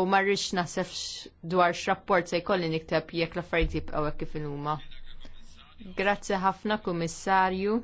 u marriċ naħseb dwar x-rapport se jkolli nikteb jekk l-affarijiet jibqgħu hekk kif huma. Grazzi ħafna, Kummissarju.